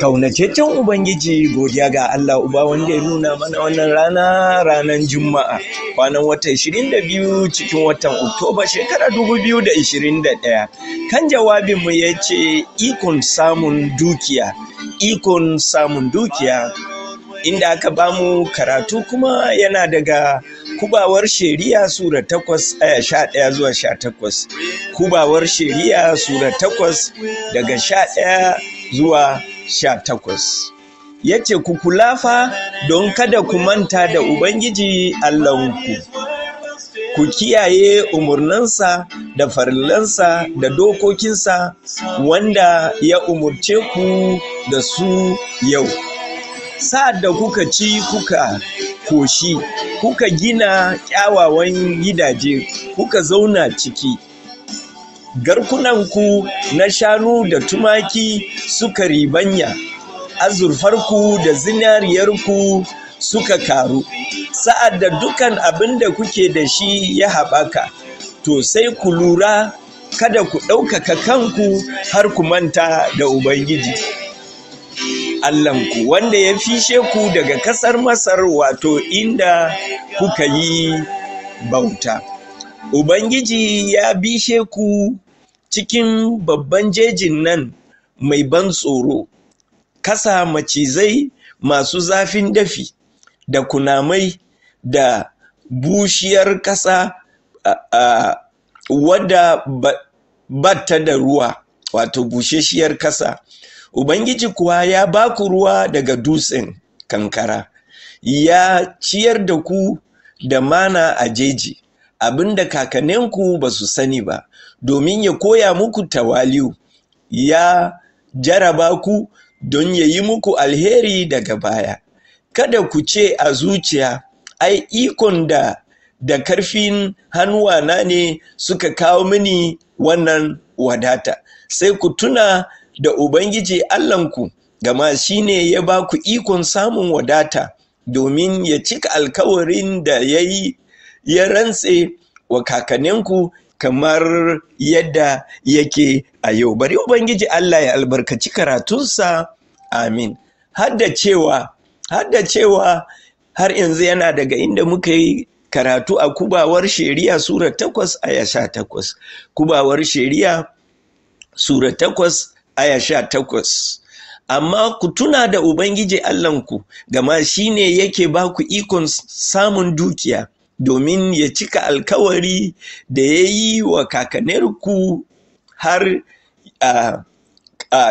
Kaunataccen Ubangiji godiya ga Allah Uba wanda ya nuna mana wannan rana ranar Juma'a kwanan wata 22 cikin watan Oktoba shekarar 2021 kan jawabinmu ya ce ikon samun dukiya ikon samun dukiya inda aka bamu karatu kuma yana daga kubawar shari'a sura takwas aya eh, sha ɗaya zuwa sha takwas kubawar shari'a sura takwas daga sha ɗaya zuwa sha takwas. Ya ce, Ku kula fa don kada ku manta da Ubangiji Allahnku, ku kiyaye umarninsa da farillansa da dokokinsa wanda ya umarce ku da su yau. Sa'ad da kuka ci kuka koshi, kuka gina kyawawan gidaje, kuka zauna ciki. garkunanku na shanu da tumaki suka ribanya, azurfarku da zinariyarku suka karu, sa'ad da dukan abin da kuke da shi ya haɓaka, to sai ku lura kada ku ɗaukaka kanku har ku manta da Ubangiji. Allahnku wanda ya fishe ku daga ƙasar Masar wato inda kuka yi bauta. Ubangiji ya bishe ku cikin babban jejin nan mai ban tsoro kasa macizai masu zafin dafi da kunamai da bushiyar kasa wadda batta da ruwa wato busheshiyar kasa ubangiji kuwa ya ba ku ruwa daga dutsen kankara ya ciyar da ku da mana a jeji abinda kakanninku ba su sani ba domin ya koya muku tawali'u ya jaraba ku don ya yi muku alheri daga baya kada ku ce a zuciya ai ikon da da karfin hannuwana ne suka kawo mini wannan wadata sai ku tuna da ubangiji allahnku gama shi ne ya ba ku ikon samun wadata domin ya cika alkawarin da ya yi ya rantse wa kakaninku kamar yadda yake a yau bari ubangiji Allah ya albarkaci karatunsa amin hadda cewa hadda cewa har yanzu yana daga inda muka yi karatu a kubawar shari'a sura takwas aya sha takwas kubawar shari'a sura takwas aya sha takwas amma ku tuna da ubangiji allahnku gama shi ne yake ba ku ikon samun dukiya domin ya cika alkawari da ya yi wa kakaninku har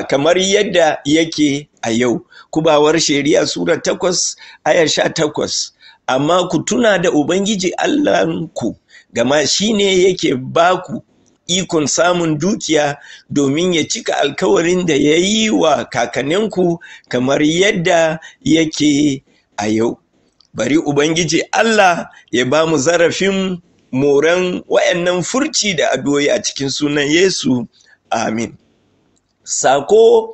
kamar yadda yake a yau kubawar shari'a sura takwas aya sha takwas amma ku tuna da ubangiji allahnku gama shi ne yake baku ikon samun dukiya domin ya cika alkawarin da ya yi wa kakanninku kamar yadda yake a yau bari ubangiji Allah ya ba mu zarafin moran wayannan furci da addu'o'i a cikin sunan Yesu amin sako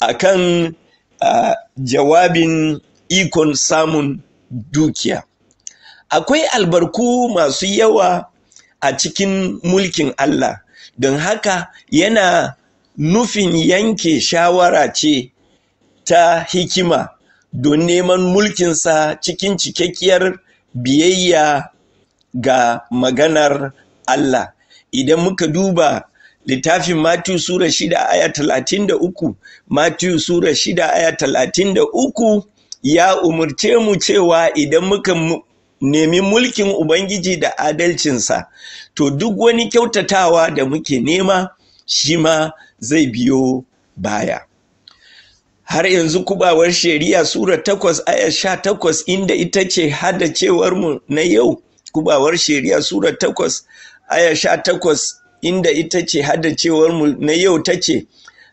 akan kan jawabin ikon samun dukiya akwai albarku masu yawa a cikin mulkin Allah don haka yana nufin yanke shawara ce ta hikima don neman mulkinsa cikin cikakkiyar biyayya ga maganar Allah. Idan muka duba littafin Matiyu Sura shida aya talatin da uku, Matiyu Sura shida aya talatin da uku ya umarce mu cewa idan muka nemi mulkin Ubangiji da adalcinsa, to duk wani kyautatawa da muke nema shi ma zai biyo baya. har yanzu kubawar shari'a sura takwas aya sha takwas inda ita ce hada cewarmu na yau kubawar shari'a sura takwas aya sha inda ita ce hada cewarmu na yau ta ce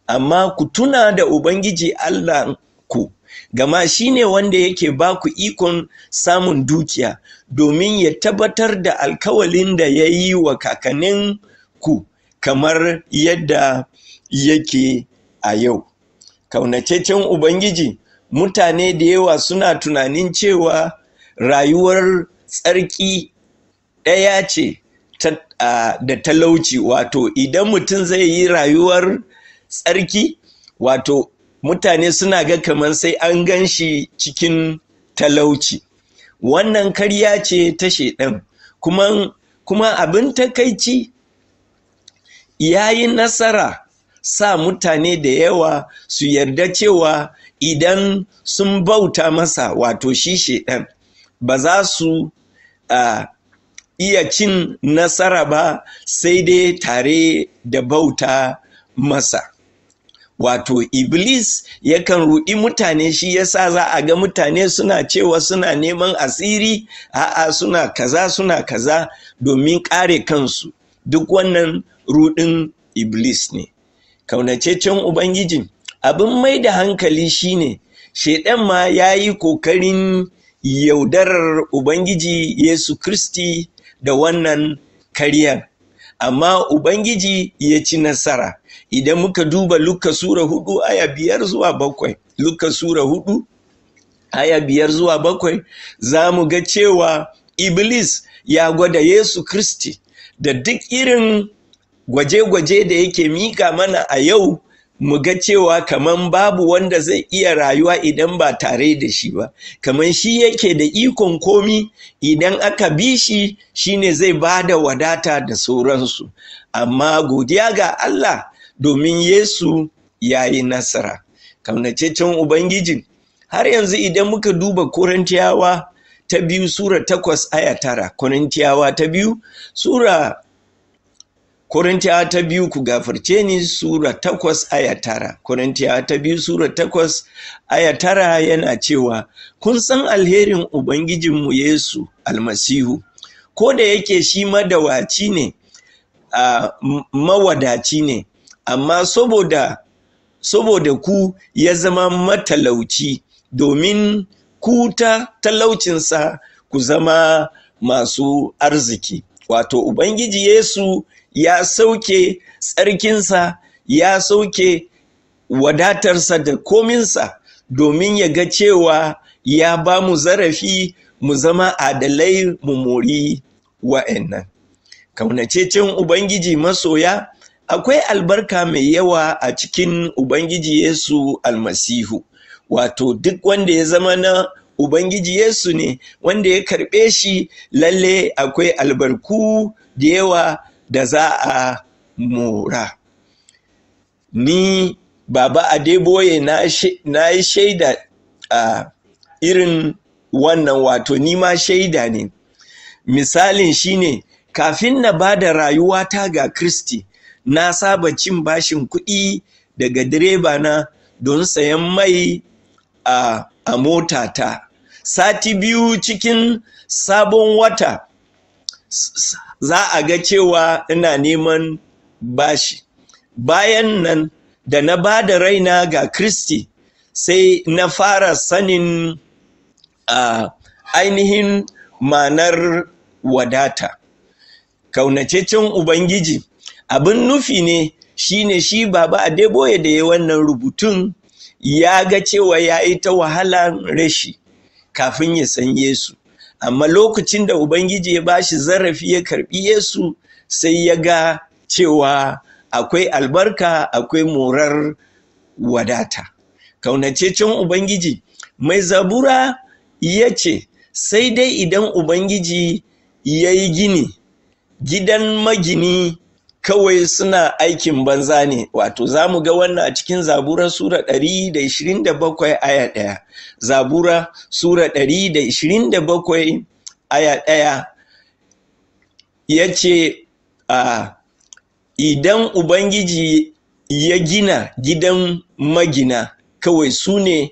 amma ku tuna da ubangiji allah ku gama shi ne wanda yake ba ku ikon samun dukiya domin ya tabbatar da alkawalin da ya yi wa kakannin ku kamar yadda yake a yau kaunataccen ubangiji mutane da yawa suna tunanin cewa rayuwar tsarki ɗaya ce da talauci wato idan mutum zai yi rayuwar tsarki wato mutane suna ga kamar sai an gan shi cikin talauci wannan karya ce ta shaidan kuma, abin takaici ya nasara sa mutane da yawa su yarda cewa idan sun bauta masa wato shi shedan ba za su iya cin nasara ba sai dai tare da bauta masa wato iblis yakan ruɗi mutane shi yasa za a ga mutane suna cewa suna neman asiri a'a suna kaza suna kaza domin kare kansu duk wannan ruɗin iblis ne Kaunacecen ubangiji abin mai da hankali shine shaidan ma ya yi kokarin yaudarar ubangiji yesu kristi da wannan kariyar. amma ubangiji ya ci nasara idan muka duba luka sura hudu aya biyar zuwa bakwai luka sura hudu aya biyar zuwa bakwai za mu ga cewa iblis ya gwada yesu kristi da duk irin gwaje-gwaje da yake mika mana a yau mu ga cewa kaman babu wanda zai iya rayuwa idan ba tare da shi ba kaman shi yake da ikon komi idan aka bi shi shi ne zai ba da wadata da sauransu amma godiya ga Allah domin Yesu ya yi nasara kaunacecen ubangiji har yanzu idan muka duba korintiyawa ta biyu sura takwas aya tara korintiyawa ta biyu sura korintiya ta biyu ku gafarce ni Sura takwas aya tara. Korintiya ta biyu Sura takwas aya tara yana cewa, Kun san alherin Ubangijinmu Yesu almasihu, ko da yake shi madawaci ne, mawadaci ne, amma saboda ku ya zama matalauci domin ku ta talaucinsa ku zama masu arziki. Wato Ubangiji Yesu ya sauke tsarkinsa ya sauke wadatarsa da kominsa domin ya ga cewa ya ba mu zarafi mu zama adalai mu mori wa'annan kaunacecen ubangiji masoya akwai albarka mai yawa a cikin ubangiji yesu almasihu wato duk wanda ya zama na ubangiji yesu ne wanda ya karɓe shi lalle akwai albarku da yawa da za a mora ni baba adeboye na yi shaida a irin wannan wato ni ma shaida ne misalin shine kafin na ba da rayuwata ga kristi na saba cin bashin kuɗi daga direba na don sayan mai a, a motata sati biyu cikin sabon wata za a ga cewa ina neman bashi bayan nan da na ba da raina ga kristi sai na fara sanin uh, ainihin manar wadata kaunacecen ubangiji abin nufi ne shine shi baba adeboye da ya wannan rubutun ya ga cewa ya yi ta wahala reshi kafin ya san yesu amma lokacin da ubangiji ya bashi zarafi ya karbi yesu sai ya ga cewa akwai albarka akwai morar wadata kaunacecen ubangiji mai zabura ya ce sai dai idan ubangiji ya yi gini gidan magini kawai suna aikin banza ne wato za mu ga wannan a cikin zabura sura 127 aya ɗaya, zabura sura 127 aya ɗaya ya ce idan ubangiji ya gina gidan magina kawai su ne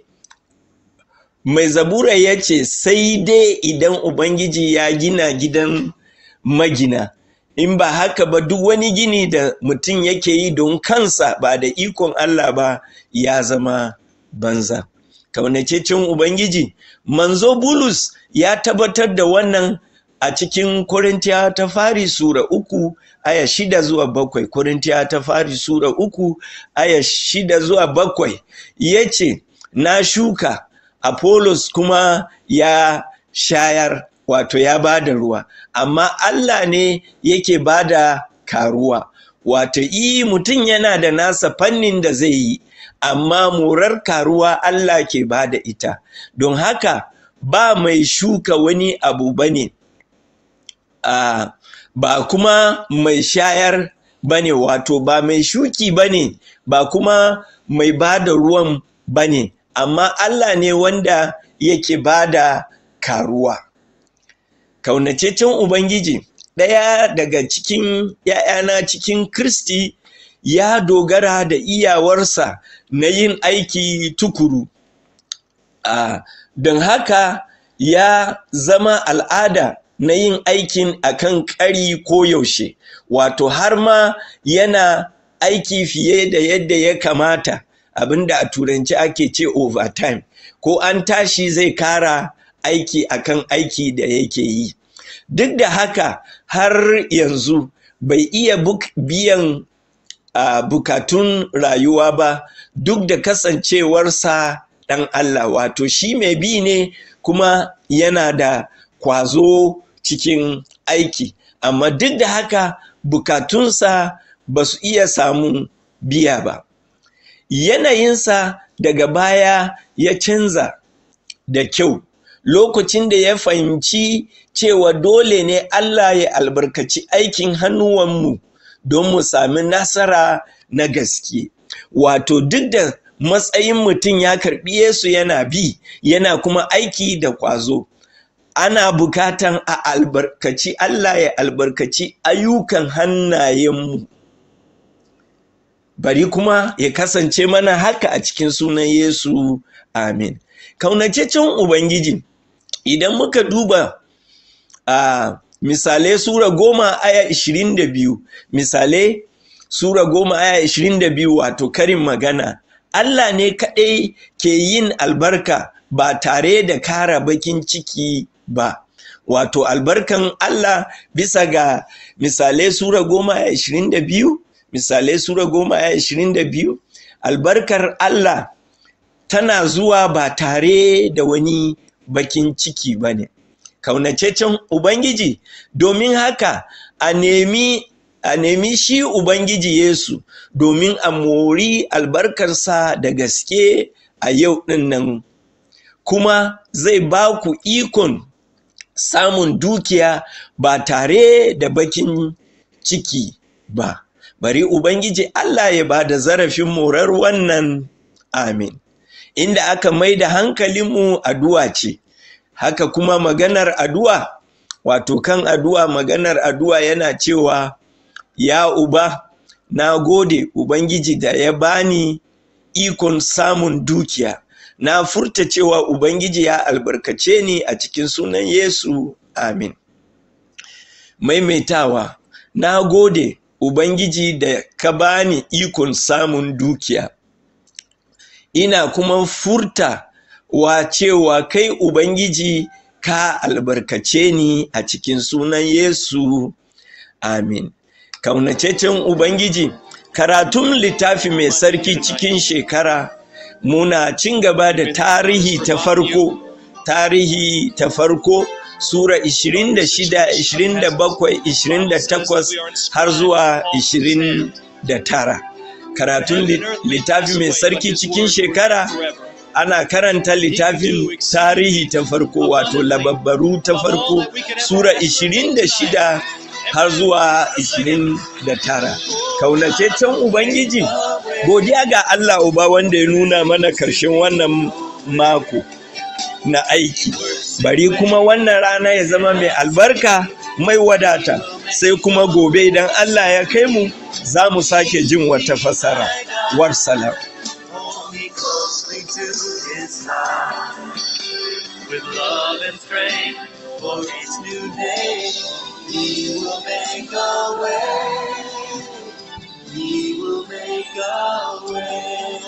mai zabura ya ce sai dai idan ubangiji ya gina gidan magina in ba haka ba duk wani gini da mutum yake yi don kansa ba da ikon Allah ba ya zama banza kaunacecin ubangiji manzo bulus ya tabbatar da wannan a cikin korintiya ta fari sura uku aya shida zuwa bakwai korintiya ta fari sura uku aya shida zuwa bakwai ya ce na shuka apollos kuma ya shayar wato ya ba da ruwa amma Allah ne yake ba da karuwa wato i mutum yana da nasa fannin da zai yi amma murar karuwa Allah ke ba da ita don haka ba mai shuka wani abu ba ne ba kuma mai shayar ba ne wato ba mai shuki ba ne ba kuma mai ba da ruwan ba ne amma Allah ne wanda yake ba da karuwa Kaunacecen ubangiji ɗaya daga cikin ‘ya'yana cikin kristi ya dogara da iyawarsa na yin aiki tukuru don haka ya zama al'ada na yin aikin a kan ƙari ko yaushe wato har ma yana aiki fiye da yadda ya kamata abinda a turanci ake ce overtime ko an tashi zai kara aiki a kan aiki da yake yi duk da haka har yanzu bai iya biyan uh, bukatun rayuwa ba duk da kasancewarsa ɗan Allah wato shi mai bi ne kuma yana da kwazo cikin aiki amma duk da haka bukatunsa ba su iya samun biya ba yanayinsa daga baya ya canza da kyau lokacin da ya fahimci cewa dole ne Allah ya albarkaci aikin hannuwanmu don mu sami nasara na gaske. Wato duk da matsayin mutum ya karɓi Yesu yana bi, yana kuma aiki da kwazo. Ana bukatan a albarkaci Allah ya albarkaci ayyukan hannayenmu. Bari kuma ya kasance mana haka a cikin sunan Yesu, amin. Kaunataccen Ubangijin. idan muka duba a misalai sura goma aya ishirin da biyu misalai sura goma aya ishirin da biyu wato karin magana Allah ne kaɗai ke yin albarka ba tare da kara bakin ciki ba wato albarkan Allah bisa ga misalai sura goma aya ishirin da biyu misalai sura goma aya ishirin da biyu albarkar Allah tana zuwa ba tare da wani bakin ciki ba ne kaunacecen ubangiji domin haka a nemi a nemi shi ubangiji yesu domin a mori albarkarsa da gaske a yau ɗin nan kuma zai ba ku ikon samun dukiya ba tare da bakin ciki ba bari ubangiji allah ya ba da zarafin morar wannan amin inda aka mai da hankalinmu addu'a ce haka kuma maganar addu'a wato kan addu'a maganar addu'a yana cewa ya uba na gode ubangiji da ya bani ikon samun dukiya na furta cewa ubangiji ya albarkace ni a cikin sunan yesu amin maimaitawa na gode ubangiji da ka bani ikon samun dukiya ina kuma furta wa cewa kai Ubangiji ka albarkace ni a cikin sunan Yesu. Amin. Kaunacecen Ubangiji, karatun littafi mai sarki cikin shekara muna cin gaba da tarihi ta farko, tarihi ta farko Sura 26, 27, 28 har zuwa 29. karatun littafi mai sarki cikin shekara ana karanta littafin tarihi ta farko wato lababbaru ta farko sura 26 har zuwa 29 kaunataccen ubangiji godiya ga allah uba wanda ya nuna mana karshen wannan mako na aiki bari kuma wannan rana ya zama mai albarka mai wadata sai kuma gobe idan Allah ya kai mu za mu sake jin wata fasara warsalam salam.